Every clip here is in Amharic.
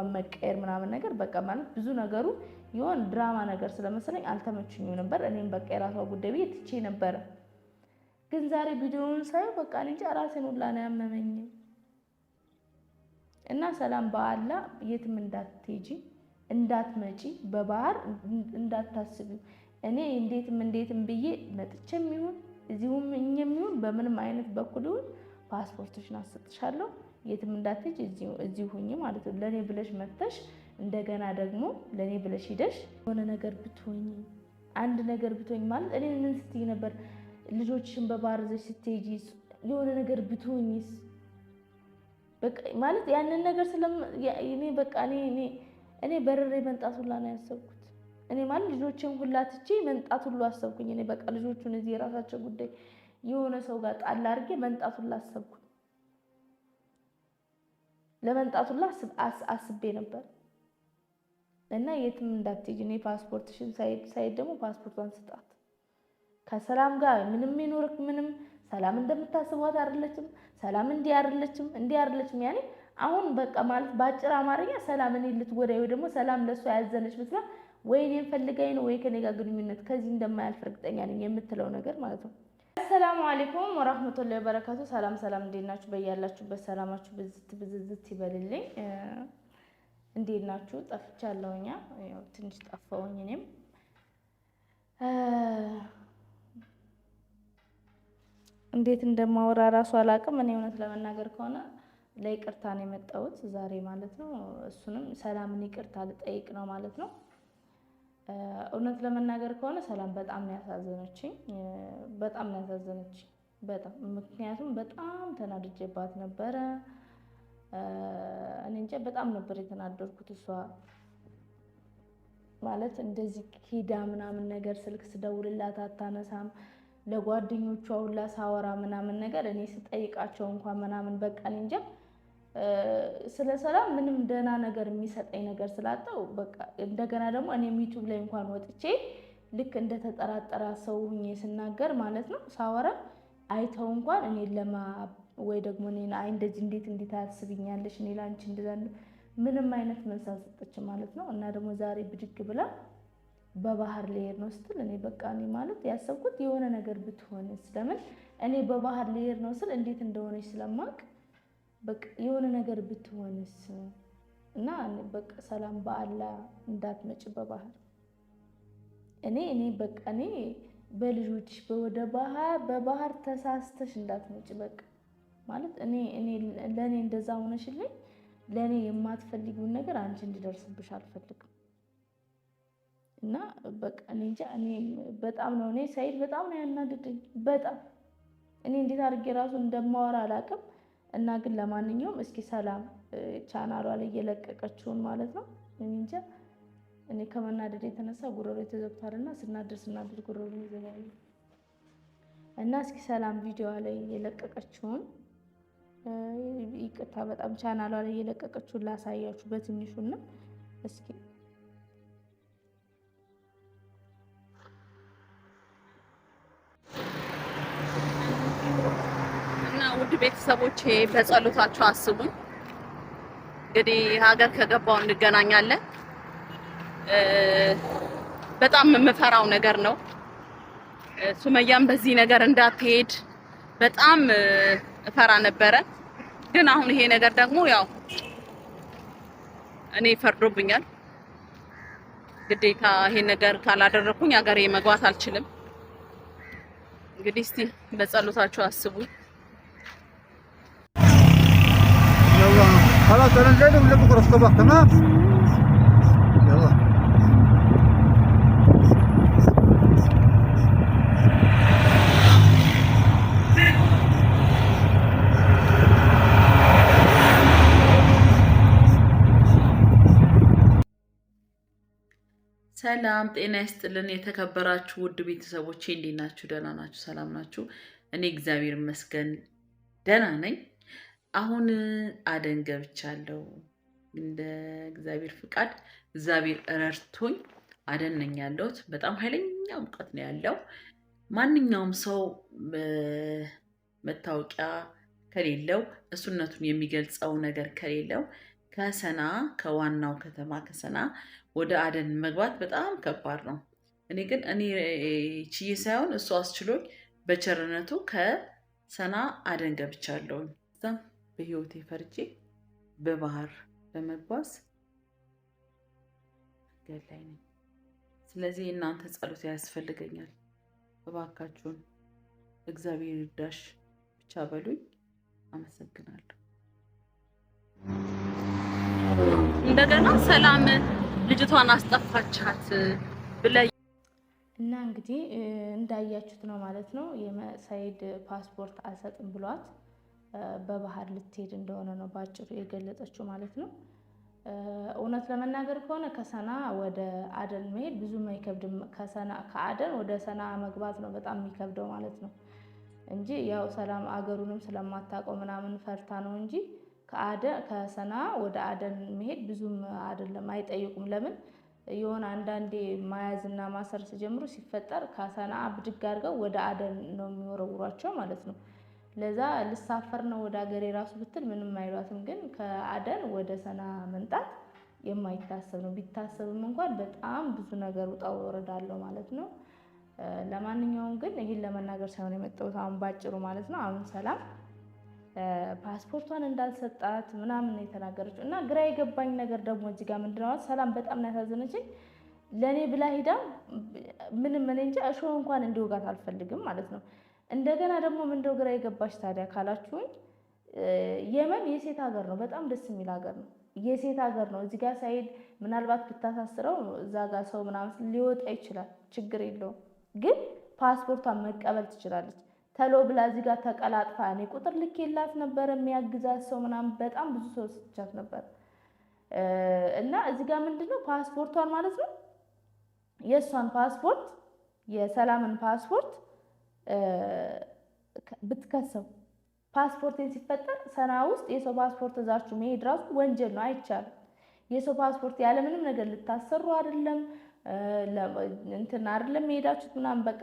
ሀሳቧን መቀየር ምናምን ነገር በቃ ማለት ብዙ ነገሩ የሆን ድራማ ነገር ስለመሰለኝ አልተመችኝም ነበር። እኔም በቃ የራሷ ጉዳይ ብዬ ትቼ ነበረ። ግን ዛሬ ቪዲዮውን ሳየው በቃ እንጂ ራሴን ሁላ ነው ያመመኝ። እና ሰላም በአላ የትም እንዳትሄጂ እንዳትመጪ፣ በባህር እንዳታስቢው እኔ እንዴትም እንዴትም ብዬ መጥቼም ይሁን እዚሁም እኛም ይሁን በምንም አይነት በኩል ይሁን ፓስፖርቶችን አሰጥሻለሁ የትም እንዳትሄጂ እዚሁ ሁኚ ማለት ነው። ለእኔ ብለሽ መጥተሽ እንደገና ደግሞ ለእኔ ብለሽ ሂደሽ የሆነ ነገር ብትሆኝ አንድ ነገር ብትሆኝ ማለት እኔ ምን ስትይ ነበር? ልጆችሽን በባርዘሽ ይዘሽ ስትሄጂ የሆነ ነገር ብትሆኝስ ማለት ያንን ነገር እኔ በቃ እኔ በርሬ መምጣት ሁላ ነው ያሰብኩት። እኔ ማለት ልጆችን ሁላ ትቼ መምጣት ሁሉ አሰብኩኝ። እኔ በቃ ልጆቹን እዚህ የራሳቸው ጉዳይ የሆነ ሰው ጋር ጣል አድርጌ መምጣት ሁላ አሰብኩኝ። ለመምጣቱላ አስቤ ነበር እና የትም እንዳትሄጂ እኔ ፓስፖርትሽን ሳይድ ደግሞ ፓስፖርቷን ስጣት። ከሰላም ጋር ምንም ይኖርክ ምንም ሰላም እንደምታስቧት አይደለችም። ሰላም እንዲህ አይደለችም፣ እንዲህ አይደለችም። ያኔ አሁን በቃ ማለት በአጭር አማርኛ ሰላም እኔ ልትጎዳይ ወይ ደግሞ ሰላም ለእሱ ያዘነች መስላ ወይ እኔን ፈልጋኝ ነው ወይ ከኔ ጋር ግንኙነት ከዚህ እንደማያልፍ እርግጠኛ ነኝ የምትለው ነገር ማለት ነው። አሰላሙ አሌይኩም ወራህመቱላሂ ወበረካቱ። ሰላም ሰላም፣ እንዴት ናችሁ? በያላችሁበት ሰላማችሁ ብዝት ብዝዝት ይበልልኝ። እንዴት ናችሁ? ጠፍቻለሁ። እኛ ያው ትንሽ ጠፋውኝ እኔም እንዴት እንደማወራ እራሱ አላውቅም። እኔ እውነት ለመናገር ከሆነ ለይቅርታ ነው የመጣሁት ዛሬ ማለት ነው። እሱንም ሰላምን ይቅርታ ልጠይቅ ነው ማለት ነው። እውነት ለመናገር ከሆነ ሰላም በጣም ነው ያሳዘነችኝ። በጣም ነው ያሳዘነችኝ። በጣም ምክንያቱም በጣም ተናድጄባት ነበረ። እኔ እንጃ በጣም ነበር የተናደርኩት። እሷ ማለት እንደዚህ ሂዳ ምናምን ነገር ስልክ ስደውልላት አታነሳም። ለጓደኞቿ ሁላ ሳወራ ምናምን ነገር እኔ ስጠይቃቸው እንኳን ምናምን በቃ እኔ እንጃ ስለ ሰላም ምንም ደህና ነገር የሚሰጠኝ ነገር ስላጣው በቃ እንደገና ደግሞ እኔም ዩቱብ ላይ እንኳን ወጥቼ ልክ እንደተጠራጠራ ሰው ሁኜ ስናገር ማለት ነው ሳወራ አይተው እንኳን እኔ ለማ ወይ ደግሞ እኔን አይ እንደዚህ እንዴት እንዴት አያስብኛለሽ እኔ ላንቺ እንደዛን ምንም አይነት መልስ አልሰጠችም ማለት ነው። እና ደግሞ ዛሬ ብድግ ብላ በባህር ልሄድ ነው ስትል እኔ በቃ እኔ ማለት ያሰብኩት የሆነ ነገር ብትሆንስ ለምን እኔ በባህር ልሄድ ነው ስል እንዴት እንደሆነች ስለማቅ በቃ የሆነ ነገር ብትሆንስ እና በቃ ሰላም በአላ እንዳትመጭ በባህር እኔ እኔ በቃ እኔ በልጆች ወደ ባህር በባህር ተሳስተሽ እንዳትመጭ በቃ ማለት እኔ እኔ ለእኔ እንደዛ ሆነሽልኝ ለእኔ የማትፈልጊውን ነገር አንቺ እንዲደርስብሽ አልፈልግም። እና በቃ እኔ እንጃ እኔ በጣም ነው እኔ ሰይድ በጣም ነው ያናድደኝ። በጣም እኔ እንዴት አድርጌ ራሱ እንደማወራ አላውቅም። እና ግን ለማንኛውም እስኪ ሰላም ቻናሏ ላይ እየለቀቀችውን ማለት ነው። እንጃ እኔ ከመናደድ የተነሳ ጉሮሮ ተዘግቷል እና ስናድር ስናድር ጉሮሮ ይዘጋል እና እስኪ ሰላም ቪዲዮ ላይ የለቀቀችውን ይቅርታ፣ በጣም ቻናሏ ላይ የለቀቀችውን ላሳያችሁ በትንሹና እስኪ ውድ ቤተሰቦቼ በጸሎታቸው አስቡኝ። እንግዲህ ሀገር ከገባው እንገናኛለን። በጣም የምፈራው ነገር ነው። ሱመያም በዚህ ነገር እንዳትሄድ በጣም እፈራ ነበረ። ግን አሁን ይሄ ነገር ደግሞ ያው እኔ ፈርዶብኛል። ግዴታ ይሄ ነገር ካላደረኩኝ ሀገሬ መግባት አልችልም። እንግዲህ እስቲ በጸሎታችሁ አስቡኝ። خلاص انا جاي لك بكره الصبح تمام يلا ሰላም ጤና ይስጥልን። የተከበራችሁ ውድ ቤተሰቦቼ እንዴት ናችሁ? ደህና ናችሁ? ሰላም ናችሁ? እኔ እግዚአብሔር ይመስገን ደህና ነኝ። አሁን አደን ገብቻለሁ። እንደ እግዚአብሔር ፍቃድ እግዚአብሔር ረድቶኝ አደን ነኝ ያለሁት። በጣም ኃይለኛ ሙቀት ነው ያለው። ማንኛውም ሰው መታወቂያ ከሌለው እሱነቱን የሚገልጸው ነገር ከሌለው ከሰና ከዋናው ከተማ ከሰና ወደ አደን መግባት በጣም ከባድ ነው። እኔ ግን እኔ ችዬ ሳይሆን እሱ አስችሎኝ በቸርነቱ ከሰና አደን ገብቻለሁኝ። በህይወቴ ፈርጄ በባህር ለመጓዝ ገድ ላይ ነኝ። ስለዚህ እናንተ ጸሎት ያስፈልገኛል። እባካችሁን እግዚአብሔር ይርዳሽ ብቻ በሉኝ። አመሰግናለሁ። እንደገና ሰላም ልጅቷን አስጠፋቻት ብለ እና እንግዲህ እንዳያችሁት ነው ማለት ነው የመሳይድ ፓስፖርት አልሰጥም ብሏት በባህር ልትሄድ እንደሆነ ነው በአጭሩ የገለጠችው ማለት ነው። እውነት ለመናገር ከሆነ ከሰና ወደ አደን መሄድ ብዙም አይከብድም። ከአደን ወደ ሰና መግባት ነው በጣም የሚከብደው ማለት ነው እንጂ ያው ሰላም አገሩንም ስለማታውቀው ምናምን ፈርታ ነው እንጂ ከሰና ወደ አደን መሄድ ብዙም አይደለም፣ አይጠይቁም። ለምን የሆነ አንዳንዴ መያዝና ማሰር ሲጀምሩ ሲፈጠር ከሰና ብድግ አድርገው ወደ አደን ነው የሚወረውሯቸው ማለት ነው። ለዛ ልሳፈር ነው ወደ ሀገሬ ራሱ ብትል ምንም አይሏትም። ግን ከአደን ወደ ሰና መምጣት የማይታሰብ ነው። ቢታሰብም እንኳን በጣም ብዙ ነገር ውጣ ውረድ አለው ማለት ነው። ለማንኛውም ግን ይህን ለመናገር ሳይሆን የመጣሁት አሁን ባጭሩ ማለት ነው። አሁን ሰላም ፓስፖርቷን እንዳልሰጣት ምናምን ነው የተናገረችው። እና ግራ የገባኝ ነገር ደግሞ እዚህ ጋር ምንድን ነው ሰላም በጣም ነው ያሳዘነችኝ። ለእኔ ብላ ሂዳ ምንም እኔ እንጃ እሾህ እንኳን እንዲወጋት አልፈልግም ማለት ነው እንደገና ደግሞ ምንድነው ግራ የገባሽ ታዲያ ካላችሁኝ የመን የሴት ሀገር ነው። በጣም ደስ የሚል ሀገር ነው። የሴት ሀገር ነው። እዚህ ጋር ሳይድ ምናልባት ብታሳስረው እዛ ጋር ሰው ምናምን ሊወጣ ይችላል። ችግር የለውም። ግን ፓስፖርቷን መቀበል ትችላለች። ተሎ ብላ እዚህ ጋር ተቀላጥፋ እኔ ቁጥር ልክ የላት ነበር የሚያግዛት ሰው ምናምን በጣም ብዙ ሰው ስትቻት ነበር። እና እዚህ ጋር ምንድነው ፓስፖርቷን ማለት ነው የእሷን ፓስፖርት የሰላምን ፓስፖርት ብትከሰው ፓስፖርትን ሲፈጠር ሰና ውስጥ የሰው ፓስፖርት እዛችሁ መሄድ ራሱ ወንጀል ነው፣ አይቻልም። የሰው ፓስፖርት ያለምንም ነገር ልታሰሩ አይደለም እንትን አይደለም መሄዳችሁት ምናምን በቃ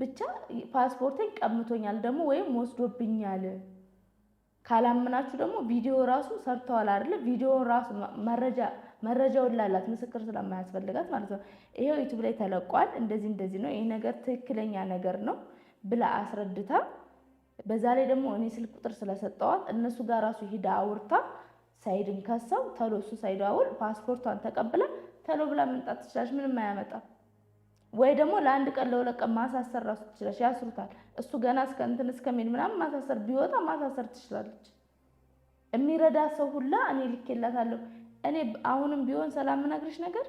ብቻ ፓስፖርቴን ቀምቶኛል ደግሞ ወይም ወስዶብኛል ካላምናችሁ ደግሞ ቪዲዮ ራሱ ሰርተዋል አይደለ? ቪዲዮ ራሱ መረጃ መረጃውን ላላት ምስክር ስለማያስፈልጋት ማለት ነው። ይሄው ዩቱብ ላይ ተለቋል። እንደዚህ እንደዚህ ነው። ይሄ ነገር ትክክለኛ ነገር ነው። ብላ አስረድታ በዛ ላይ ደግሞ እኔ ስልክ ቁጥር ስለሰጠዋት እነሱ ጋር ራሱ ሂዳ አውርታ ሳይድን ከሰው ተሎ እሱ ሳይደዋውል ፓስፖርቷን ተቀብላ ተሎ ብላ መምጣት ትችላለች። ምንም አያመጣም። ወይ ደግሞ ለአንድ ቀን ለሁለት ቀን ማሳሰር ራሱ ትችላለች። ያስሩታል። እሱ ገና እስከ እንትን እስከሚሄድ ምናምን ማሳሰር ቢወጣ ማሳሰር ትችላለች። የሚረዳ ሰው ሁላ እኔ ልኬላታለሁ። እኔ አሁንም ቢሆን ሰላም ምነግርሽ ነገር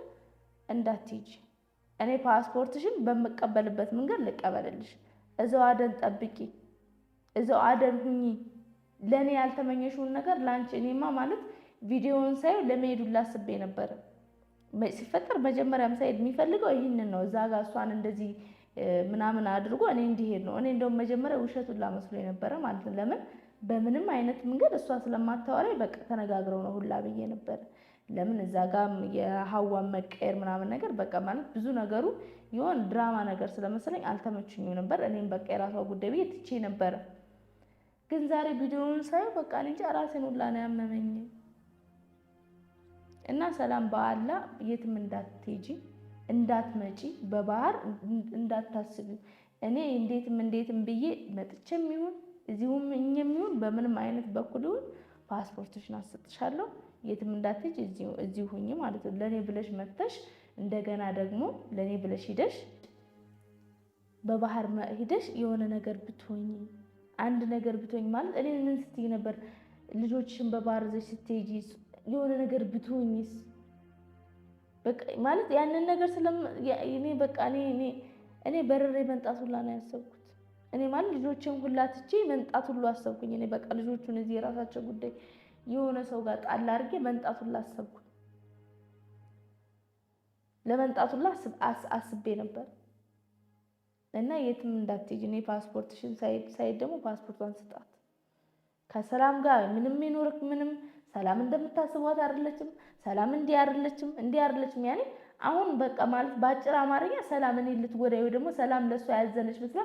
እንዳትሄጂ፣ እኔ ፓስፖርትሽን በምቀበልበት መንገድ ልቀበልልሽ እዛው አደን ጠብቂ፣ እዛው አደን ሁኚ። ለእኔ ያልተመኘሽውን ነገር ለአንቺ እኔማ ማለት ቪዲዮውን ሳየው ለመሄዱ ላስቤ ነበረ። ሲፈጠር መጀመሪያም ሳይድ የሚፈልገው ይህንን ነው። እዛ ጋር እሷን እንደዚህ ምናምን አድርጎ እኔ እንዲሄድ ነው። እኔ እንደውም መጀመሪያ ውሸቱን ላመስሎ የነበረ ማለት ነው። ለምን በምንም አይነት መንገድ እሷ ስለማታወራኝ በቃ ተነጋግረው ነው ሁላ ብዬ ነበረ። ለምን እዛ ጋር የሀዋን መቀየር ምናምን ነገር በቃ ማለት ብዙ ነገሩ የሆን ድራማ ነገር ስለመሰለኝ አልተመችኝም ነበር። እኔም በቃ የራሷ ጉዳይ ብዬ ትቼ ነበረ። ግን ዛሬ ቪዲዮውን ሳይ በቃ እኔ ራሴን ሁላ ነው ያመመኝ። እና ሰላም በአላ የትም እንዳትሄጂ እንዳትመጪ፣ በባህር እንዳታስቢ። እኔ እንዴትም እንዴትም ብዬ መጥቼም ይሁን እዚሁም እኛም ይሁን በምንም አይነት በኩል ይሁን ፓስፖርትሽን አሰጥሻለሁ የትም እንዳትሄጂ እዚሁ ሁኚ ማለት ነው። ለእኔ ብለሽ መጥተሽ እንደገና ደግሞ ለእኔ ብለሽ ሂደሽ በባህር ሂደሽ የሆነ ነገር ብትሆኝ አንድ ነገር ብትሆኝ ማለት እኔ ምን ስትይ ነበር? ልጆችሽን በባህር ዘሽ ስትሄጂ የሆነ ነገር ብትሆኝስ ማለት ያንን ነገር እኔ በቃ እኔ በርሬ መንጣት ሁላ ነው ያሰብኩት። እኔ ማለት ልጆችን ሁላ ትቼ መንጣት ሁሉ አሰብኩኝ። እኔ በቃ ልጆቹን እዚህ የራሳቸው ጉዳይ የሆነ ሰው ጋር ጣል አድርጌ መንጣቱን ላሰብኩ ለመንጣቱን አስቤ ነበር እና የትም እንዳትሄጂ እኔ ፓስፖርትሽን ሳይድ ሳይድ ደግሞ ፓስፖርቷን ስጣት። ከሰላም ጋር ምንም ይኖርክ ምንም ሰላም እንደምታስቧት አይደለችም። ሰላም እንዲህ አይደለችም፣ እንዲህ አይደለችም። ያኔ አሁን በቃ ማለት በአጭር አማርኛ ሰላም እኔ ልትጎዳይ ወይ ደግሞ ሰላም ለእሱ ያዘነች መስላ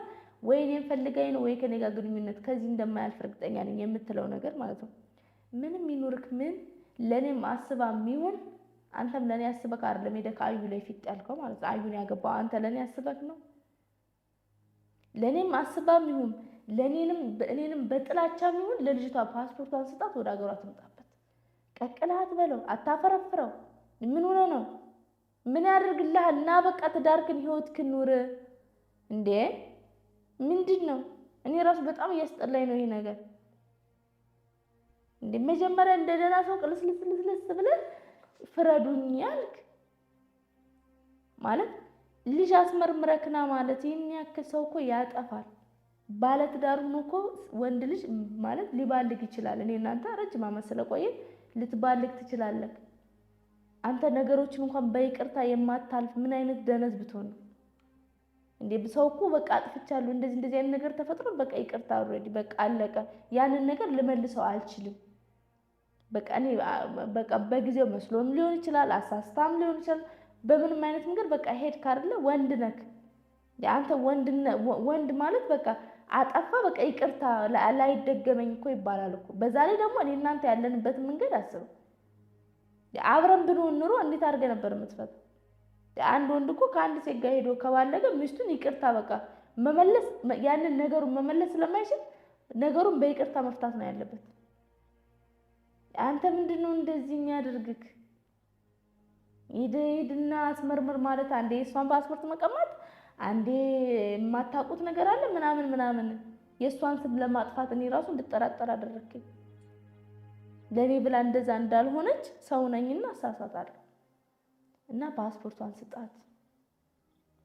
ወይ እኔን ፈልጋኝ ነው ወይ ከኔ ጋር ግንኙነት ከዚህ እንደማያልፍ እርግጠኛ ነኝ የምትለው ነገር ማለት ነው። ምንም ይኑርክ ምን ለኔ አስባ የሚሆን አንተም ለእኔ አስበክ አይደለም ሄደክ አዩ ላይ ፊት ያልከው ማለት ነው። አዩን ያገባው አንተ ለእኔ አስበክ ነው። ለእኔም አስባ የሚሆን ለእኔንም በእኔንም በጥላቻ የሚሆን ለልጅቷ ፓስፖርቷን ስጣት፣ ወደ ሀገሯ ትምጣበት። ቀቅልሃት በለው፣ አታፈረፍረው። ምን ሆነ ነው? ምን ያደርግልሃል? እና በቃ ትዳርክን ህይወትክን ኑር። እንዴ ምንድን ነው? እኔ ራሱ በጣም እያስጠላኝ ነው ይሄ ነገር። እንደ መጀመሪያ እንደ ደህና ሰው ቅልስልስልስልስ ብለን ፍረዱኝ ያልክ ማለት ልጅ አስመርምረክና ማለት ይህን ያክል ሰው እኮ ያጠፋል። ባለትዳር ሆኖ እኮ ወንድ ልጅ ማለት ሊባልግ ይችላል። እኔ እናንተ ረጅም ዓመት ስለቆየ ልትባልግ ትችላለህ። አንተ ነገሮችን እንኳን በይቅርታ የማታልፍ ምን አይነት ደነዝ ብትሆን ነው እንዴ? ሰው እኮ በቃ አጥፍቻለሁ፣ እንደዚህ እንደዚህ አይነት ነገር ተፈጥሮ በቃ ይቅርታ፣ ኦልሬዲ በቃ አለቀ፣ ያንን ነገር ልመልሰው አልችልም በቃ በጊዜው መስሎም ሊሆን ይችላል፣ አሳስታም ሊሆን ይችላል። በምንም አይነት መንገድ በቃ ሄድ አይደለ ወንድ ነክ አንተ ወንድ ማለት በቃ አጠፋ በቃ ይቅርታ ላይደገመኝ እኮ ይባላል እኮ። በዛ ላይ ደግሞ እኔ እናንተ ያለንበትን መንገድ አስበው። አብረን ብንሆን ኑሮ እንዴት አድርገ ነበር የምትፈታው? አንድ ወንድ እኮ ከአንድ ሴት ጋር ሄዶ ከባለገ ሚስቱን ይቅርታ በቃ መመለስ ያንን ነገሩን መመለስ ስለማይችል ነገሩን በይቅርታ መፍታት ነው ያለበት። አንተ ምንድን ነው እንደዚህ የሚያደርግክ? ሂድና አስመርምር ማለት አንዴ እሷን ፓስፖርት መቀማት፣ አንዴ የማታውቁት ነገር አለ ምናምን ምናምን የእሷን ስም ለማጥፋት እኔ ራሱ እንድጠራጠር አደረግኝ። ለእኔ ብላ እንደዛ እንዳልሆነች ሰው ነኝና አሳሳታለሁ። እና ፓስፖርቷን ስጣት፣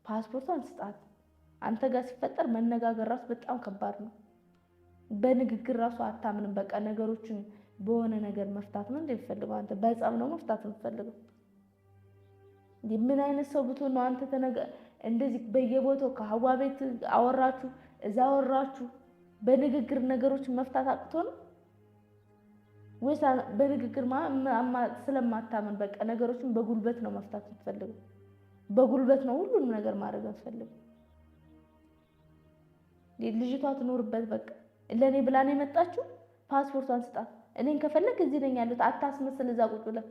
ፓስፖርቷን ስጣት። አንተ ጋር ሲፈጠር መነጋገር ራሱ በጣም ከባድ ነው። በንግግር ራሱ አታምንም። በቃ ነገሮችን በሆነ ነገር መፍታት ነው የምፈልገው አንተ በጸብ ነው መፍታት የምትፈልገው? ምን አይነት ሰው ብትሆን ነው አንተ ተነገ እንደዚህ በየቦታው ከሀዋ ቤት አወራችሁ፣ እዛ አወራችሁ፣ በንግግር ነገሮችን መፍታት አቅቶ ነው ወይስ በንግግር ስለማታምን በቃ ነገሮችን በጉልበት ነው መፍታት የምትፈልገው? በጉልበት ነው ሁሉንም ነገር ማድረግ የምትፈልገው? ልጅቷ ትኖርበት በቃ ለእኔ ብላ ነው የመጣችው። ፓስፖርቷን ስጣት። እኔን ከፈለግ እዚህ ነኝ ያሉት አታስመስል። እዛ ቁጭ ብለህ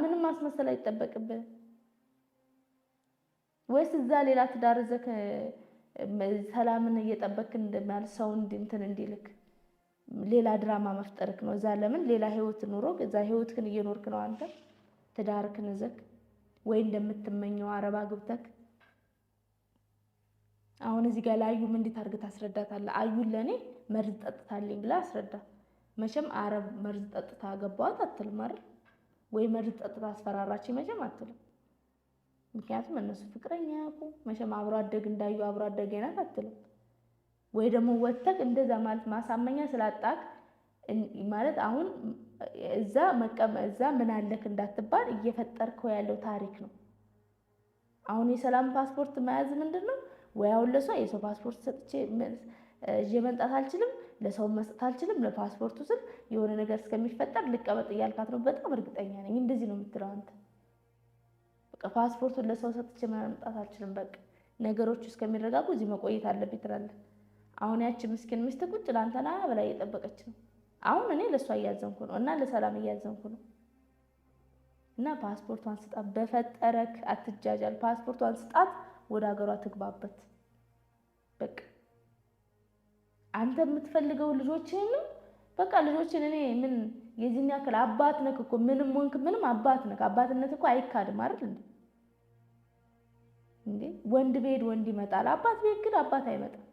ምንም ማስመሰል አይጠበቅብህ። ወይስ እዛ ሌላ ትዳር ይዘህ ሰላምን እየጠበክ እንደማል ሰው እንድንትን እንዲልክ ሌላ ድራማ መፍጠርክ ነው። እዛ ለምን ሌላ ህይወት ኑሮ እዛ ህይወትክን እየኖርክ ነው አንተ ትዳርክን ዘክ ወይ እንደምትመኘው አረባ ግብተክ አሁን እዚህ ጋር ለአዩም እንዴት አድርገህ ታስረዳታለህ? አዩን ለእኔ መርዝ ጠጥታለኝ ብላ አስረዳት። መቼም አረብ መርዝ ጠጥታ ገባዋት አትልም አይደል? ወይ መርዝ ጠጥታ አስፈራራች መቼም አትልም። ምክንያቱም እነሱ ፍቅረኛ ያቁ መቼም አብሮ አደግ እንዳዩ አብሮ አደግ አይነት አትልም። ወይ ደግሞ ወተክ እንደዛ ማለት ማሳመኛ ስላጣክ ማለት አሁን እዛ መቀመ እዛ ምን አለክ እንዳትባል እየፈጠርከው ያለው ታሪክ ነው። አሁን የሰላም ፓስፖርት መያዝ ምንድን ነው? ወይ አሁን ለሷ የሰው ፓስፖርት ሰጥቼ ይዤ መምጣት አልችልም ለሰው መስጠት አልችልም። ለፓስፖርቱ ስል የሆነ ነገር እስከሚፈጠር ልቀመጥ እያልካት ነው። በጣም እርግጠኛ ነኝ እንደዚህ ነው የምትለው አንተ። በቃ ፓስፖርቱን ለሰው ሰጥቼ መምጣት አልችልም። በቃ ነገሮቹ እስከሚረጋጉ እዚህ መቆየት አለብኝ ትላለህ። አሁን ያቺ ምስኪን ሚስት ቁጭ ለአንተና በላይ እየጠበቀች ነው። አሁን እኔ ለእሷ እያዘንኩ ነው እና ለሰላም እያዘንኩ ነው እና ፓስፖርቷን ስጣት፣ በፈጠረክ አትጃጃል። ፓስፖርቷን ስጣት፣ ወደ ሀገሯ ትግባበት። አንተ የምትፈልገው ልጆችህን ነው። በቃ ልጆችን እኔ ምን የዚህን ያክል አባት ነክ እኮ ምንም ወንክ ምንም አባት ነክ። አባትነት እኮ አይካድም አይደል እንዴ? ወንድ ብሄድ ወንድ ይመጣል፣ አባት ብሄድ ግን አባት አይመጣም።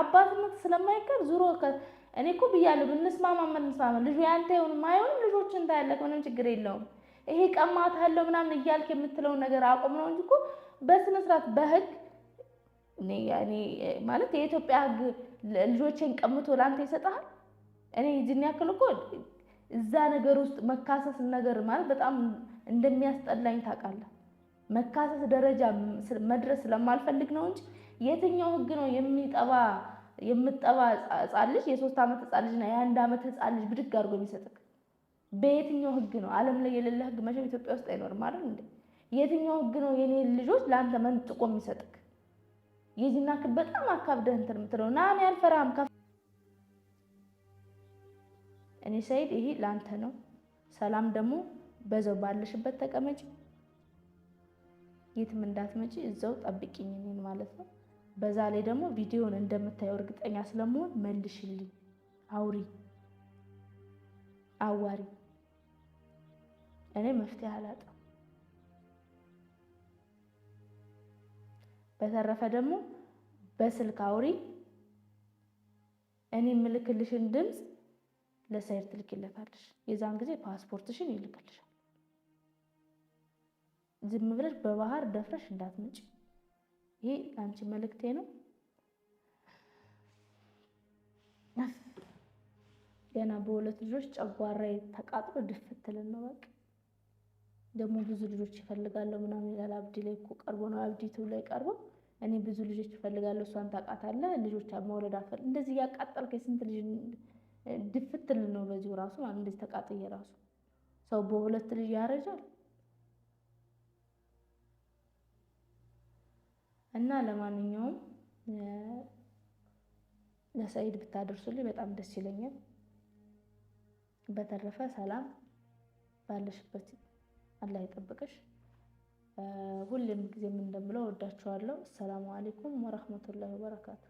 አባትነት ስለማይካድ ዙሮ እኔ እኮ ብያለሁ፣ ብንስማማ ብንስማማ ልጁ ያንተ ይሁን አይሆንም፣ ልጆችን ታያለህ፣ ምንም ችግር የለውም። ይሄ ቀማት አለው ምናምን እያልክ የምትለውን ነገር አቁም ነው እንጂ እኮ በስነ ስርዓት በህግ ማለት የኢትዮጵያ ህግ ልጆቼን ቀምቶ ለአንተ ይሰጠሃል? እኔ ይህን ያክል እኮ እዛ ነገር ውስጥ መካሰስ ነገር ማለት በጣም እንደሚያስጠላኝ ታውቃለህ። መካሰስ ደረጃ መድረስ ስለማልፈልግ ነው እንጂ የትኛው ህግ ነው የሚጠባ የምጠባ ህፃን ልጅ የሶስት ዓመት ህፃን ልጅና የአንድ ዓመት ህፃን ልጅ ብድግ አድርጎ የሚሰጥክ በየትኛው ህግ ነው? ዓለም ላይ የሌለ ህግ መቼም ኢትዮጵያ ውስጥ አይኖርም አይደል እንዴ? የትኛው ህግ ነው የኔ ልጆች ለአንተ መንጥቆ የሚሰጥቅ? ክብ በጣም አካብደህ እንትን የምትለው ና እኔ አልፈራም። እኔ ሰይድ ይሄ ለአንተ ነው። ሰላም ደግሞ በዛው ባለሽበት ተቀመጪ፣ የትም እንዳትመጪ እዛው ጠብቂኝ እኔን ማለት ነው። በዛ ላይ ደግሞ ቪዲዮን እንደምታየው እርግጠኛ ስለመሆን መልሽልኝ፣ አውሪ፣ አዋሪ። እኔ መፍትሄ አላጥ በተረፈ ደግሞ በስልክ አውሪ። እኔ የምልክልሽን ድምፅ ለሰይድ ትልኪለታለሽ። የዛን ጊዜ ፓስፖርትሽን ይልክልሻል። ዝም ብለሽ በባህር ደፍረሽ እንዳትመጭ ይሄ አንቺ መልእክቴ ነው። ገና በሁለት ልጆች ጨጓራዬ ተቃጥሎ ድፍትልን ነው በቃ ደግሞ ብዙ ልጆች ይፈልጋለሁ ምናምን ይላል። አብዲ ላይ እኮ ቀርቦ ነው አብዲ ቲቪ ላይ ቀርቦ እኔ ብዙ ልጆች ይፈልጋለሁ እሷን ታውቃታለህ፣ ልጆች መውለድ አፈል እንደዚህ እያቃጠልክ የስንት ልጅ ድፍትል ነው በዚሁ ራሱ ማለት እንደዚህ ተቃጥዬ ራሱ ሰው በሁለት ልጅ ያረጃል። እና ለማንኛውም ለሰኢድ ብታደርሱልኝ በጣም ደስ ይለኛል። በተረፈ ሰላም ባለሽበት አላህ ይጠብቅሽ። ሁሌም ጊዜ እንደምለው ወዳችኋለሁ። አሰላሙ አሌይኩም ወረህመቱላሂ ወበረካቱ